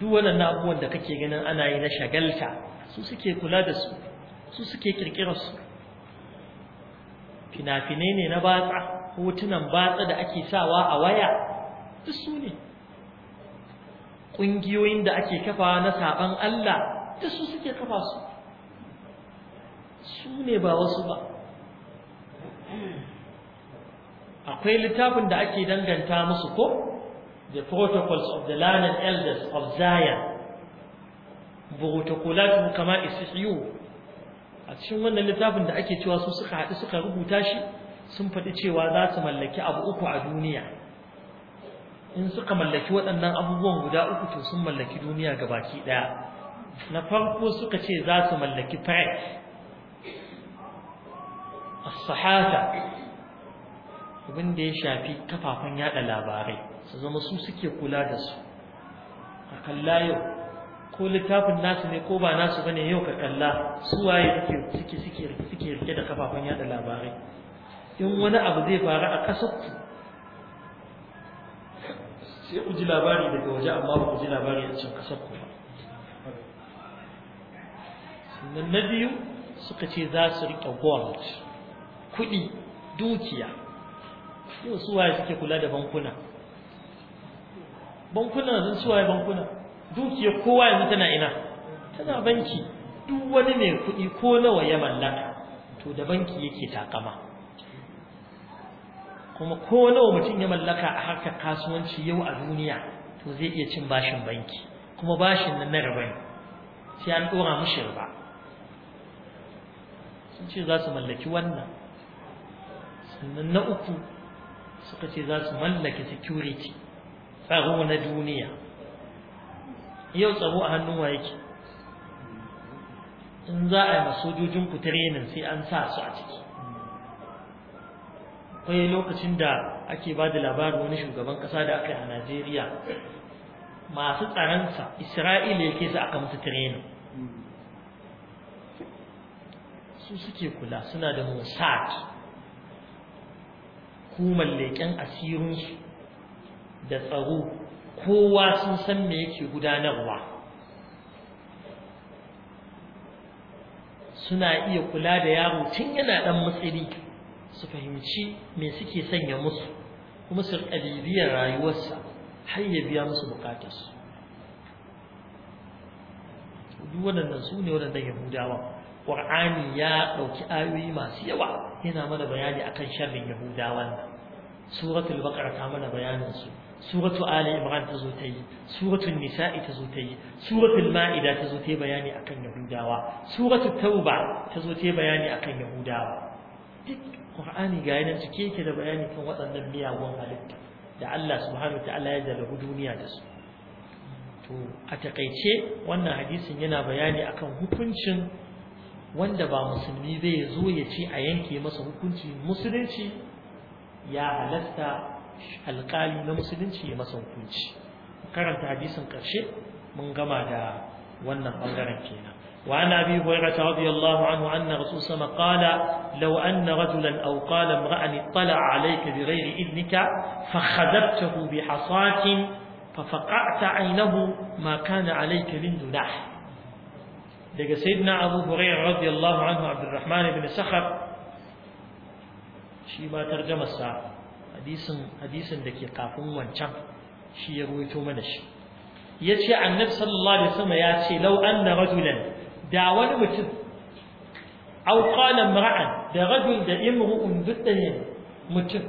duk waɗannan abubuwan da kake ganin ana yi na shagalta su suke kula da su su suke kirkirar su fina-finai ne na batsa hotunan batsa da ake sawa a waya duk su ne ƙungiyoyin da ake kafa na saban Allah duk su suke kafa su su ne ba wasu ba akwai littafin da ake danganta musu ko the protocols of the learned elders of zion protocolat kama isiyu a cikin wannan littafin da ake cewa su suka haɗu suka rubuta shi sun faɗi cewa za su mallaki abu uku a duniya in suka mallaki waɗannan abubuwan guda uku to sun mallaki duniya gabaki ɗaya na farko suka ce za su mallaki press A sahata abin da ya shafi kafafen yada labarai su zama su suke kula da su a kalla yau ko littafin nasu ne ko ba nasu ba ne yau ka kalla su waye suke suke suke rike da kafafen yada labarai in wani abu zai faru a kasar sai ku ji labari daga waje amma ba ku ji labari a cikin kasar sannan na biyu suka ce za su riƙe gold kuɗi dukiya yau waye suke kula da bankuna bankuna sun suwaye bankuna dukiya kowa yanzu tana ina tana banki duk wani mai kuɗi ko nawa ya mallaka to da banki yake takama kuma ko nawa mutum ya mallaka a harkar kasuwanci yau a duniya to zai iya cin bashin banki kuma bashin nan na riba ne sai an ɗora mishi riba sun ce za su mallaki wannan sannan na uku suka ce za su mallaki security tsaro na duniya yau tsaro a hannun wa yake in za a yi masojojin ku training sai an sa su a ciki akwai lokacin da ake ba da labarin wani shugaban kasa da aka yi a najeriya masu tsaransa isra'ila ya ke su aka musu training su suke kula suna da mossad hukumar leƙen asirinsu da tsaro kowa sun san me yake gudanarwa suna iya kula da yaro tun yana ɗan matsiri su fahimci me suke sanya musu kuma su bibiyar rayuwarsa har ya biya musu bukatarsu duk waɗannan su ne yahudawa Qur'ani ya ɗauki ayoyi masu yawa yana mana bayani akan sharrin Yahudawan nan suratul baqara ta mana bayanin su suratul ali imran ta zo ta yi suratul nisa'i ta zo ta yi suratul ma'ida ta zo ta yi bayani akan Yahudawa suratul tauba ta zo ta yi bayani akan Yahudawa duk Qur'ani ga yana cike yake da bayani kan waɗannan miyagun halitta da Allah subhanahu wa ta'ala ya jalabu duniya da su to a takaice wannan hadisin yana bayani akan hukuncin wanda ba musulmi zai zo ya ce a yanke masa hukunci musulunci ya halatta alkali na musulunci ya masa hukunci karanta hadisin karshe mun gama da wannan bangaren kenan wa ana bi hurra ta rabi Allahu anhu anna rasul sama qala law anna rajulan aw qala imra'an tala alayka bi ghairi idnika fa khadabtahu bi hasatin fa faqa'ta aynahu ma kana alayka min dunah daga sayyidina abu hurairah radiyallahu anhu abdurrahman ibn sakhar shi ma tarjamar sa hadisin hadisin ke kafin wancan shi ya ruwaito mana shi Ya ce annabi sallallahu alaihi wasallam ya ce law anna rajulan da wani mutum aw qala imra'an da rajul da imru'un dukkan mutum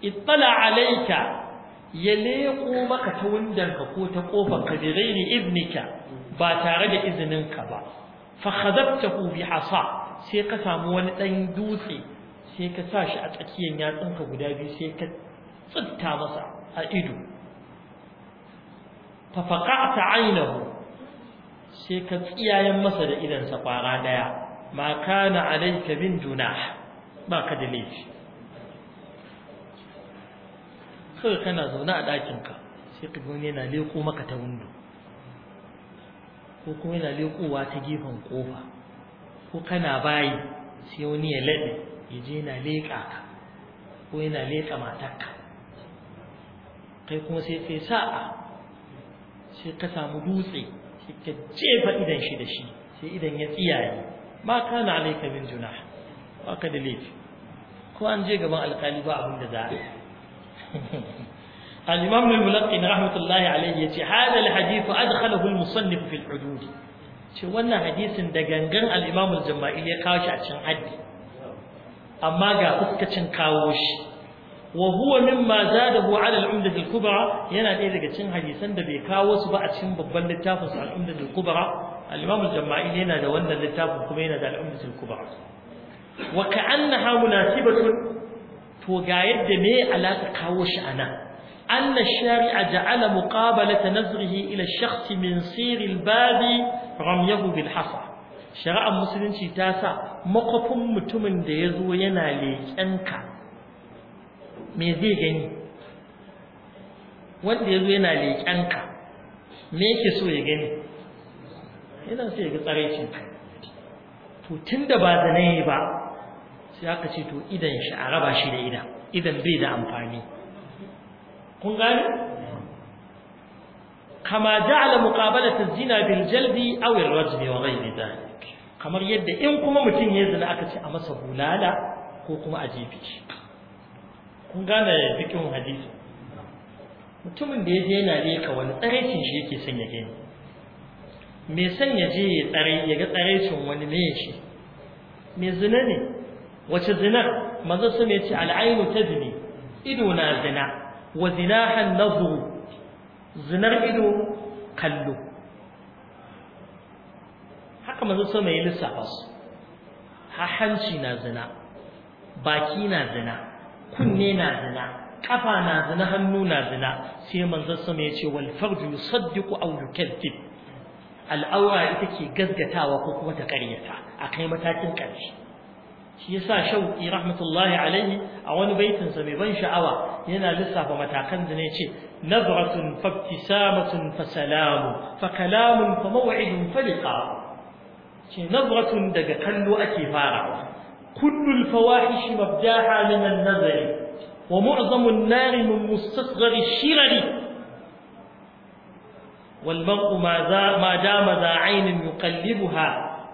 ittala alayka ya leƙo maka ta windanka ko ta ƙofar ka bi ibnika ba tare da izininka ba fa khadabtahu bi hasa sai ka samu wani dan dutse sai ka sa shi a tsakiyar yatsunka guda biyu sai ka tsitta masa a ido fa faqata aynahu sai ka tsiyayen masa da idan sa kwara daya ma kana alayka bin junah ba ka da laifi kawai kana zaune a ɗakinka sai ka gani yana leko maka ta windo ko kuma yana leƙowa ta gefen ƙofa ko kana bayi sai wani ya laɗe ya je yana leƙa ka ko yana leƙa matarka kai kuma sai kai sa'a sai ka samu dutse sai ka jefa idan shi da shi sai idan ya tsiyaye ma kana alaika min juna, ba ka da laifi ko an je gaban alƙali ba abin da za a الإمام الملقن رحمة الله عليه يتي هذا الحديث أدخله المصنف في الحدود شو وانا حديث دقنقن الإمام الجمائي يقاوش عشان عدي أما قا فسكة كاوش وهو مما زاده على العمدة الكبرى ينا إيه لك تشن حديثا دبي كاوس بقى تشن ببن التافس على العمدة الكبرى الإمام الجمائي ينا دولنا للتافس كمينا دا العمدة الكبرى وكأنها مناسبة توقع يد مي على تقاوش أنا أن الشارع جعل مقابلة نزره إلى الشخص من سير البادي رميه بالحصى شرع المسلمين تاسع مقف متمن ديزو ينالي أنك ميزيغني ya zo yana leƙenka me yake so ya gani yana so ya ga tsaraicin to tun da ba da yi ba sai aka ce to idan shi a shi da idan idan bai da amfani kun gane kama ja'ala muqabalata zina bil jaldi aw al wajhi wa ghayri dhalik kamar yadda in kuma mutum ya zina aka ce a masa bulala ko kuma a jefi shi kun gane fikin hadisi mutumin da ya je yana leka wani tsaraicin shi yake son ya gani me son ya je ya tsare ya ga tsaraicin wani ne shi me zina ne wace zinar manzo sun ya ce al'ainu tadni ido na zina wa zinahan nazuru zinar ido kallo haka manzo sama ya lissafa su hanci na zina baki na zina kunne na zina kafa na zina hannu na zina sai manzo sama ya ce wal farju yusaddiqu aw yukadzib al'aura ita ke gaskatawa ko kuma ta karyata akai matakin ƙarshe shi yasa shauki rahmatullahi alaihi a wani baitin sa mai ban sha'awa yana lissafa matakan da ne ce nazratun fabtisamatun fa salamu fa kalamun fa maw'idun fa liqa shi nazratun daga kallo ake farawa kullul fawahishi mabdaha min an-nazari wa mu'zamun nari min mustasghari shirari والمرء ما دام ذا عين يقلبها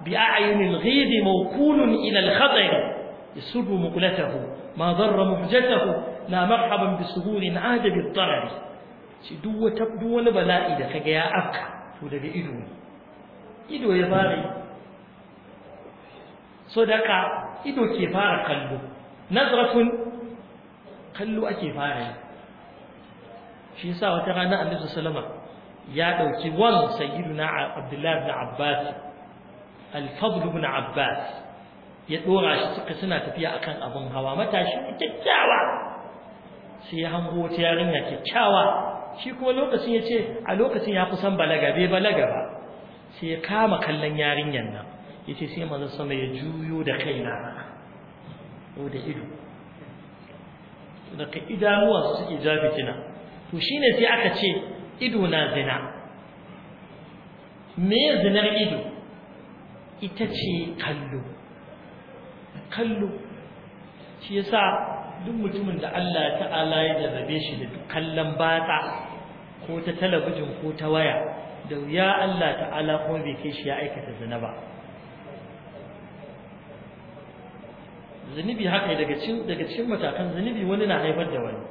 بأعين الغيظ موكول إلى الخطر يسر مقلته ما ضر مهجته لا مرحبا بسهول عاد بالضرر دو تبدو ولا بلاء إذا كجاء أك تولد إدو إدو يباري صدق إدو كفار قلب نظرة قلو أكفار شي shi sa wata rana annabi يا ya وان سيدنا عبد الله بن عباس al-fadl ibn abbas ya dora shi suka suna tafiya akan abin hawa matashi kyakkyawa sai ya hango wata yarinya kyakkyawa shi kuma lokacin ya a lokacin ya kusan balaga bai balaga ba sai ya kama kallon yarinyar nan ya sai manzon sama ya juyo da kaina ko da ido daga idanuwa su suke ja to shine sai aka ce ido na zina me zinar ido ita ce kallo kallo shi yasa duk mutumin da Allah ta'ala ya jarrabe shi da kallon bata ko ta talabijin ko ta waya da ya Allah ta'ala kuma bai kai shi ya aikata zina ba zunubi haka daga cikin daga cikin matakan zunubi wani na haifar da wani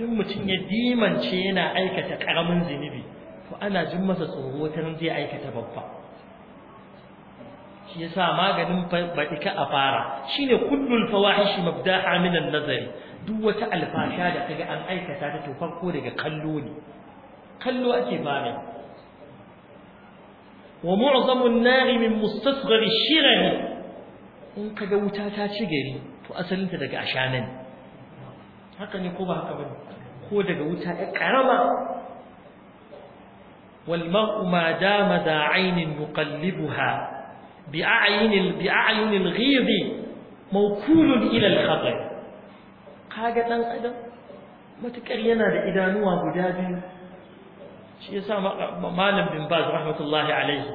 Duk mutum ya dimance yana aikata karamin zunubi to ana jin masa tsoro wata zai aikata babba shi yasa maganin baɗika a fara shine kullul fawahishi mabdaha min an-nazari duk wata alfasha da kaga an aikata ta to farko daga kallo ne kallo ake fara wa mu'zamu an-nari min mustasghari shirani in kaga wuta ta ci gari to asalin ta daga ashana haka ne ko ba haka bane ko daga wuta ya karama wal mar'u ma dama da ainin bi'ayinil bi'ayinil ghidi mawkulun ila al-khatar kaga ɗan adam matukar yana da idanuwa guda biyu shi yasa malam bin baz rahmatullahi alaihi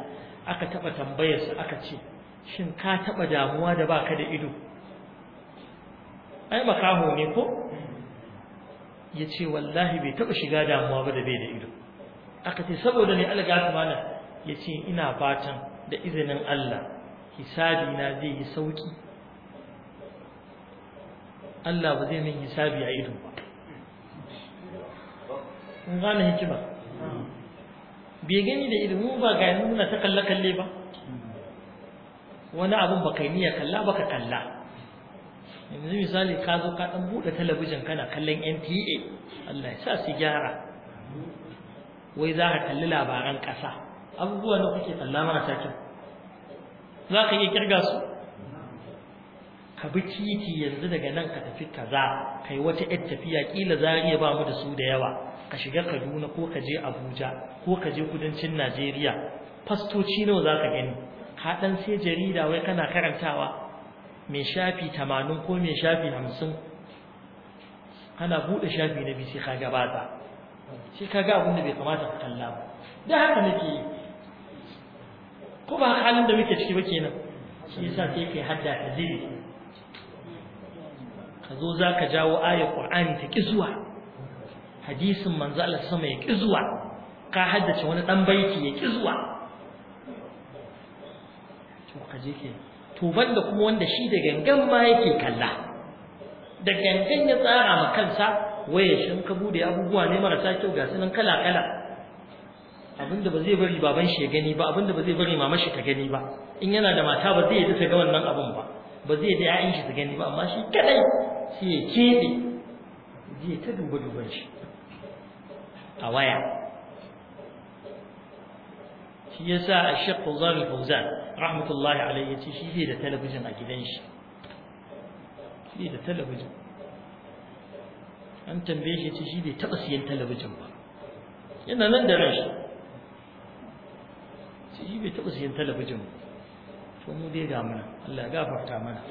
aka taba tambayar sa aka ce shin ka taba damuwa da baka da ido ai makaho ne ko yace wallahi bai taba shiga damuwa ba da bai da ido aka ce saboda ne alga ta malam yace ina fatan da izinin Allah hisabi na zai yi sauki Allah ba zai min hisabi a ido ba in gane hikima bai gani da ido mu ba ga nuna ta kalle kalle ba wani abun ba kai niyya kalla ba ka kalla yanzu misali ka zo ka dan bude talabijin kana kallon NTA Allah ya sa su gyara wai za ka kalli labaran ƙasa abubuwa na kuke tsalla mara takin. za ka iya kirga su ka bi titi yanzu daga nan ka tafi kaza kai wata yar tafiya kila iya ba mu da su da yawa ka shiga kaduna ko ka je abuja ko ka je kudancin najeriya fastoci nawa za ka gani ka dan sai jarida wai kana karantawa mai shafi tamanin ko mai shafi hamsin ana buɗe shafi na biyu sai ka gabata sai ka ga abin da bai kamata ka kalla ba da haka nake ko ba halin da muke ciki ba kenan shi yasa sai kai hadda ta ka zo za ka jawo aya qur'ani ta ƙi zuwa hadisin manzo Allah sama ya ƙi zuwa ka haddace wani ɗan baiti ya ƙi zuwa to ka je ke to banda kuma wanda shi da gangan ma yake kalla da gangan ya tsara ma kansa waye shin ka bude abubuwa ne marasa kyau ga sunan kala kala abinda ba zai bari baban shi ya gani ba abinda ba zai bari mama shi ta gani ba in yana da mata ba zai yi ta ga wannan abin ba ba zai da ƴaƴan shi su gani ba amma shi kadai shi ya kebe zai ta duba duban shi a waya shi ya sa a Sheikh Fawzan Fawzan rahmatullahi alaihi yace shi bai da talabijin a gidan shi bai da talabijin an tambaye shi ce shi bai taɓa siyan talabijin ba yana nan da ran shi shi bai taɓa siyan talabijin to mu dai ga mana Allah ya gafarta mana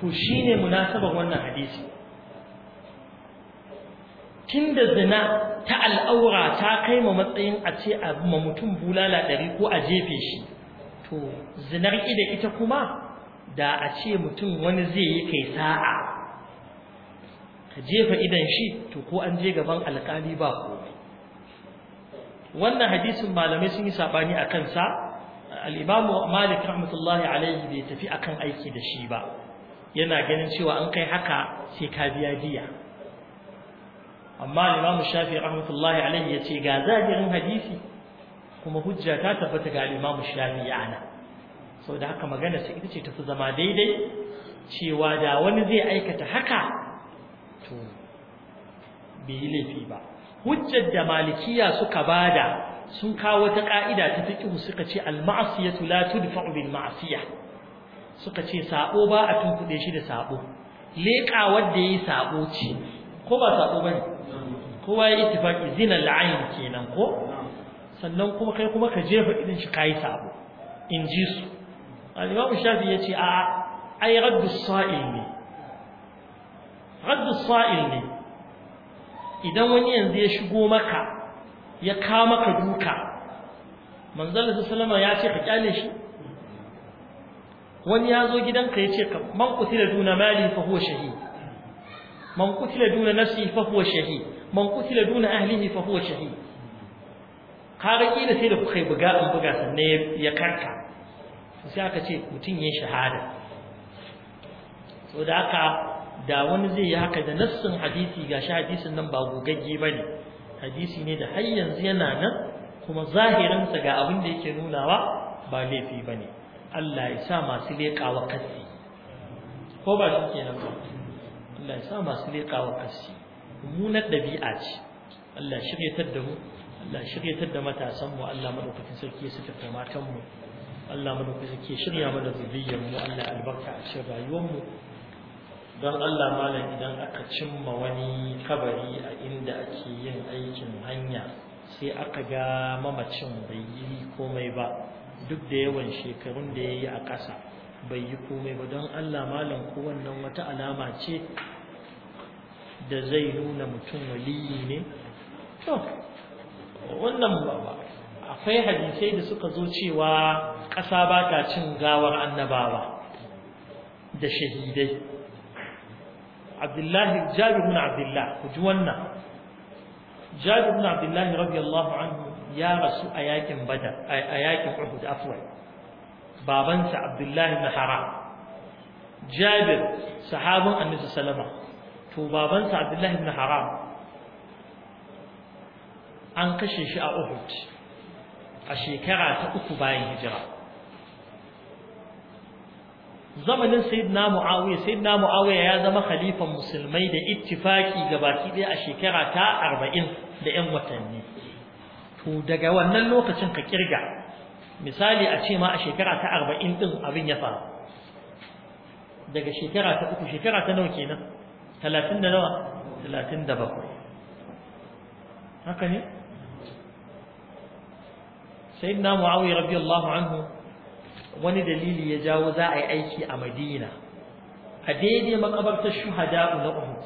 to shi ne munasabar wannan hadisi tunda zina ta al'aura ta kai ma matsayin a ce a ma mutum bulala ɗari ko a jefe shi to zinar ida ita kuma da a ce mutum wani zai yi kai sa'a ka jefa idan shi to ko an je gaban alƙali ba ko. wannan hadisin malamai sun yi saɓani a kansa al'imamu malik rahmatullahi alaihi bai tafi akan aiki da shi ba yana ganin cewa an kai haka sai ka biya diya amma al'imamu shafi rahmatullahi alaihi ya ce ga zahirin hadisi kuma hujja ta tabbata ga al'imamu shafi yana sau da haka magana sai ita ce tafi zama daidai cewa da wani zai aikata haka to bai yi laifi ba hujjar da malikiya suka bada sun kawo wata ƙa'ida ta fiqh suka ce al-ma'siyatu la tudfa'u bil ma'siyah suka ce saɓo ba a tunkuɗe shi da sabo wadda ya yi saɓo ce ko ba saɓo sabo bane kowa ya yi ittifaqi zina la'ayin kenan ko sannan kuma kai kuma ka jefa idan shi ka yi saɓo. in ji su al-imam shafi ce, a ai raddu sa'il ne raddu sa'il ne idan wani yanzu ya shigo maka ya kama ka duka manzon da sallama ya ce ka kyale shi wani ya zo gidanka ya ce ka man kutila duna mali fa huwa shahid man kutila duna nafsi fa huwa shahid man kutila duna ahlihi fa huwa shahid kaga kila sai da kuka yi buga an buga sannan ya karka sai aka ce mutum ya shahada so da aka da wani zai yi haka da nassin hadisi ga shi hadisin nan ba gogagge ba ne hadisi ne da har yanzu yana nan kuma zahirinsa ga abin da yake nunawa ba laifi ba ne Allah ya sa masu leƙawa kasi ko ba shi kenan ba Allah ya sa masu leƙawa kasi mummunar ɗabi'a ce Allah shiryatar da mu Allah shiryatar da matasanmu Allah maɗaukakin sarki ya saka matanmu Allah maɗaukakin sarki ya shirya mana zuriyarmu Allah albarka a cikin rayuwarmu don Allah malam idan aka cimma wani kabari a inda ake yin aikin hanya sai aka ga mamacin bai yi komai ba duk da yawan shekarun da ya yi a ƙasa bai yi komai ba don Allah malam ko wata alama ce da zai nuna mutum waliyi ne to wannan ba akwai hadisai da suka zo cewa ƙasa ba ta cin gawar annabawa da shahidai abdullahi jabir ibn abdullah ku ji wannan jabir ibn abdullah radiyallahu anhu ya rasu a yakin badar a yakin uhud afwan babansa abdullahi ibn haram jabir sahabin annabi sallama to baban babansa abdullahi ibn haram an kashe shi a uhud a shekara ta uku bayan hijira zamanin sayyidina muawiya sayyidina muawiya ya zama khalifan musulmai da ittifaki gabaki daya a shekara ta arba'in da yan watanni to daga wannan lokacin ka kirga misali a ce ma a shekara ta arba'in din abin ya faru daga shekara ta uku shekara ta nawa kenan talatin da nawa talatin da bakwai haka ne sayyidina muawiya rabbi radiyallahu anhu wani dalili ya jawo za a yi aiki a madina a daidai makabartar shuhada na uhud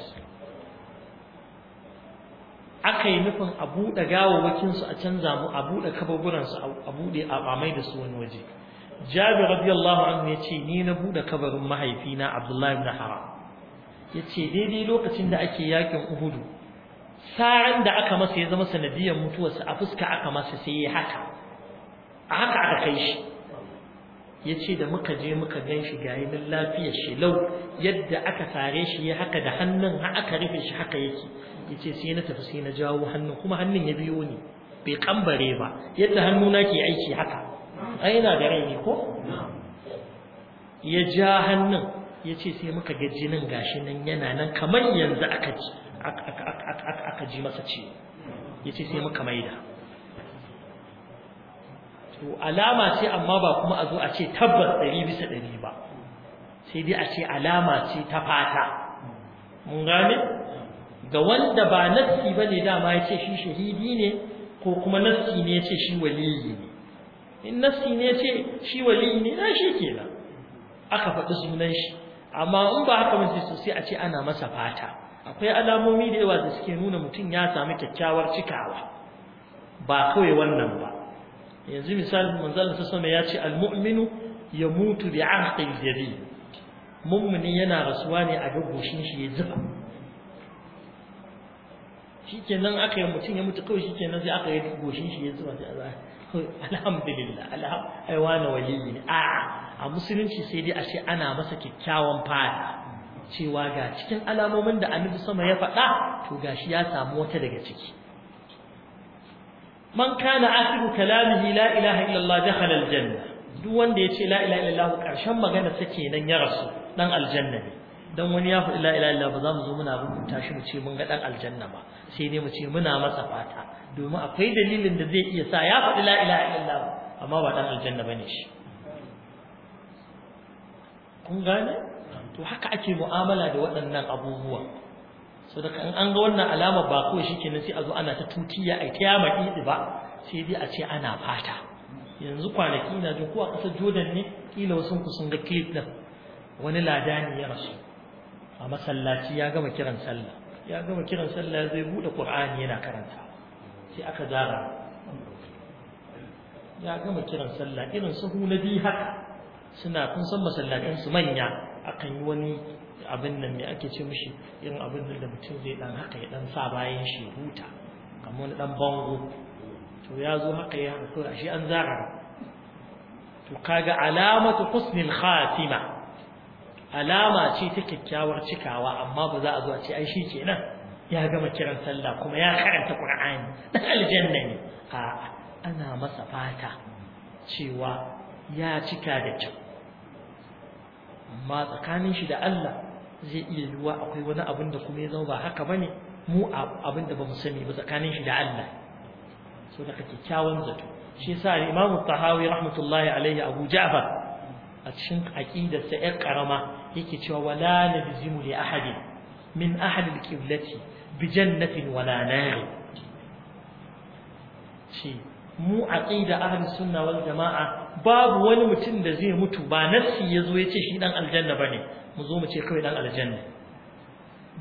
aka yi nufin a buɗe gawawakinsu a canza mu a buɗe kaburburansu a buɗe a da su wani waje jabir radiyallahu anhu ya ce ni na buɗe kabarin mahaifina abdullahi ibn haram ya ce daidai lokacin da ake yakin uhudu sa'an da aka masa ya zama sanadiyar mutuwarsa a fuska aka masa sai ya haka a haka aka kai shi ya ce da muka je muka gan shi ga yi lafiyar shi lau yadda aka sare shi ya haka da hannun aka rufe shi haka yake ya ce sai na tafi sai na jawo hannun kuma hannun ya biyo ni bai kambare ba yadda hannuna ke aiki haka ai yana da rai ne ko ya ja hannun ya ce sai muka ga jinin gashi nan yana nan kamar yanzu aka ji masa ciwo ya ce sai muka maida to alama ce amma ba kuma a zo a ce tabbas ɗari bisa ɗari ba sai dai a ce alama ce ta fata mun gane ga wanda ba nassi ba ne dama ya ce shi shahidi ne ko kuma nassi ne ya ce shi waliyi ne in nassi ne ya ce shi waliyi ne na shi kenan aka faɗi sunan shi amma in ba haka mace sosai a ce ana masa fata akwai alamomi da yawa da suke nuna mutum ya sami kyakkyawar cikawa ba kawai wannan ba yanzu misali manzon sa sama ya ce almu'minu yamutu bi arqil jadi mummuni yana rasuwa ne a gagoshin shi ya zuba shikenan aka yi mutum ya mutu kawai shikenan sai aka yi goshin shi ya zuba sai Allah alhamdulillah alham ai wani waliyi ne a a musulunci sai dai a ce ana masa kyakkyawan fara cewa ga cikin alamomin da annabi sama ya faɗa to gashi ya samu wata daga ciki man kana asiru kalamihi la ilaha illallah dakhala aljanna duk wanda yace la ilaha illallah karshen magana sa kenan ya rasu dan aljanna ne dan wani ya faɗi la ilaha illallah ba za mu zo muna rubuta shi mu ce mun ga dan aljanna ba sai dai mu ce muna masa fata domin akwai dalilin da zai iya sa ya faɗi la ilaha illallah amma ba dan aljanna bane shi kun gane to haka ake mu'amala da waɗannan abubuwa so da kan an ga wannan alama ba kawai shikenan sai a zo ana ta tutiya ai ta yama idi ba sai dai a ce ana fata yanzu kwanaki ina jin ko a ƙasar Jordan ne kila wasu ku sun ga clip din wani lada ne ya rasu a masallaci ya gama kiran sallah ya gama kiran sallah zai bude Qur'ani yana karanta sai aka zara ya gama kiran sallah irin su hulabi haka suna kun san masallatin su manya akan yi wani abin nan me ake ce mishi irin abin nan da mutum zai dan haka ya dan sa bayan shi huta kamar wani dan bango to ya zo haka ya haka shi an zara to kaga alamatu husnil khatima alama ce ta kyakkyawar cikawa amma ba za a zo a ce ai shi kenan ya gama kiran sallah kuma ya karanta qur'ani dan aljanna ne a ana masa fata cewa ya cika da kyau amma tsakanin shi da Allah zai iya yiwuwa akwai wani abin da kuma ya zama ba haka bane mu abin da mu sani ba tsakanin shi da Allah so da kake kyawun zato shi yasa Imam Tahawi rahmatullahi alaihi Abu Ja'far a cikin aqidarsa yar karama yake cewa wala nabzimu li ahadin min ahli al-qiblati bi jannatin wala nar shi mu aqida ahli sunna wal jamaa babu wani mutum da zai mutu ba nafsi yazo yace shi dan aljanna bane mu zo mu ce kawai dan aljanna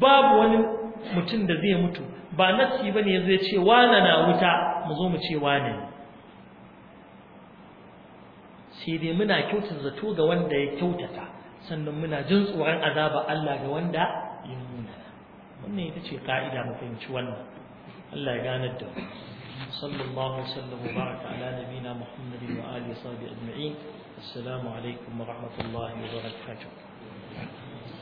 babu wani mutum da zai mutu ba nasi bane yazo ya ce wana na wuta mu zo mu ce wane ne sai dai muna kyautata zato ga wanda ya kyautata sannan muna jin tsoron azaba Allah ga wanda ya nuna wannan ita ce ka'ida mu fahimci wannan Allah ya gane da mu sallallahu sallam wa baraka ala nabina muhammadin wa alihi wa sahbihi ajma'in assalamu alaikum wa rahmatullahi wa barakatuh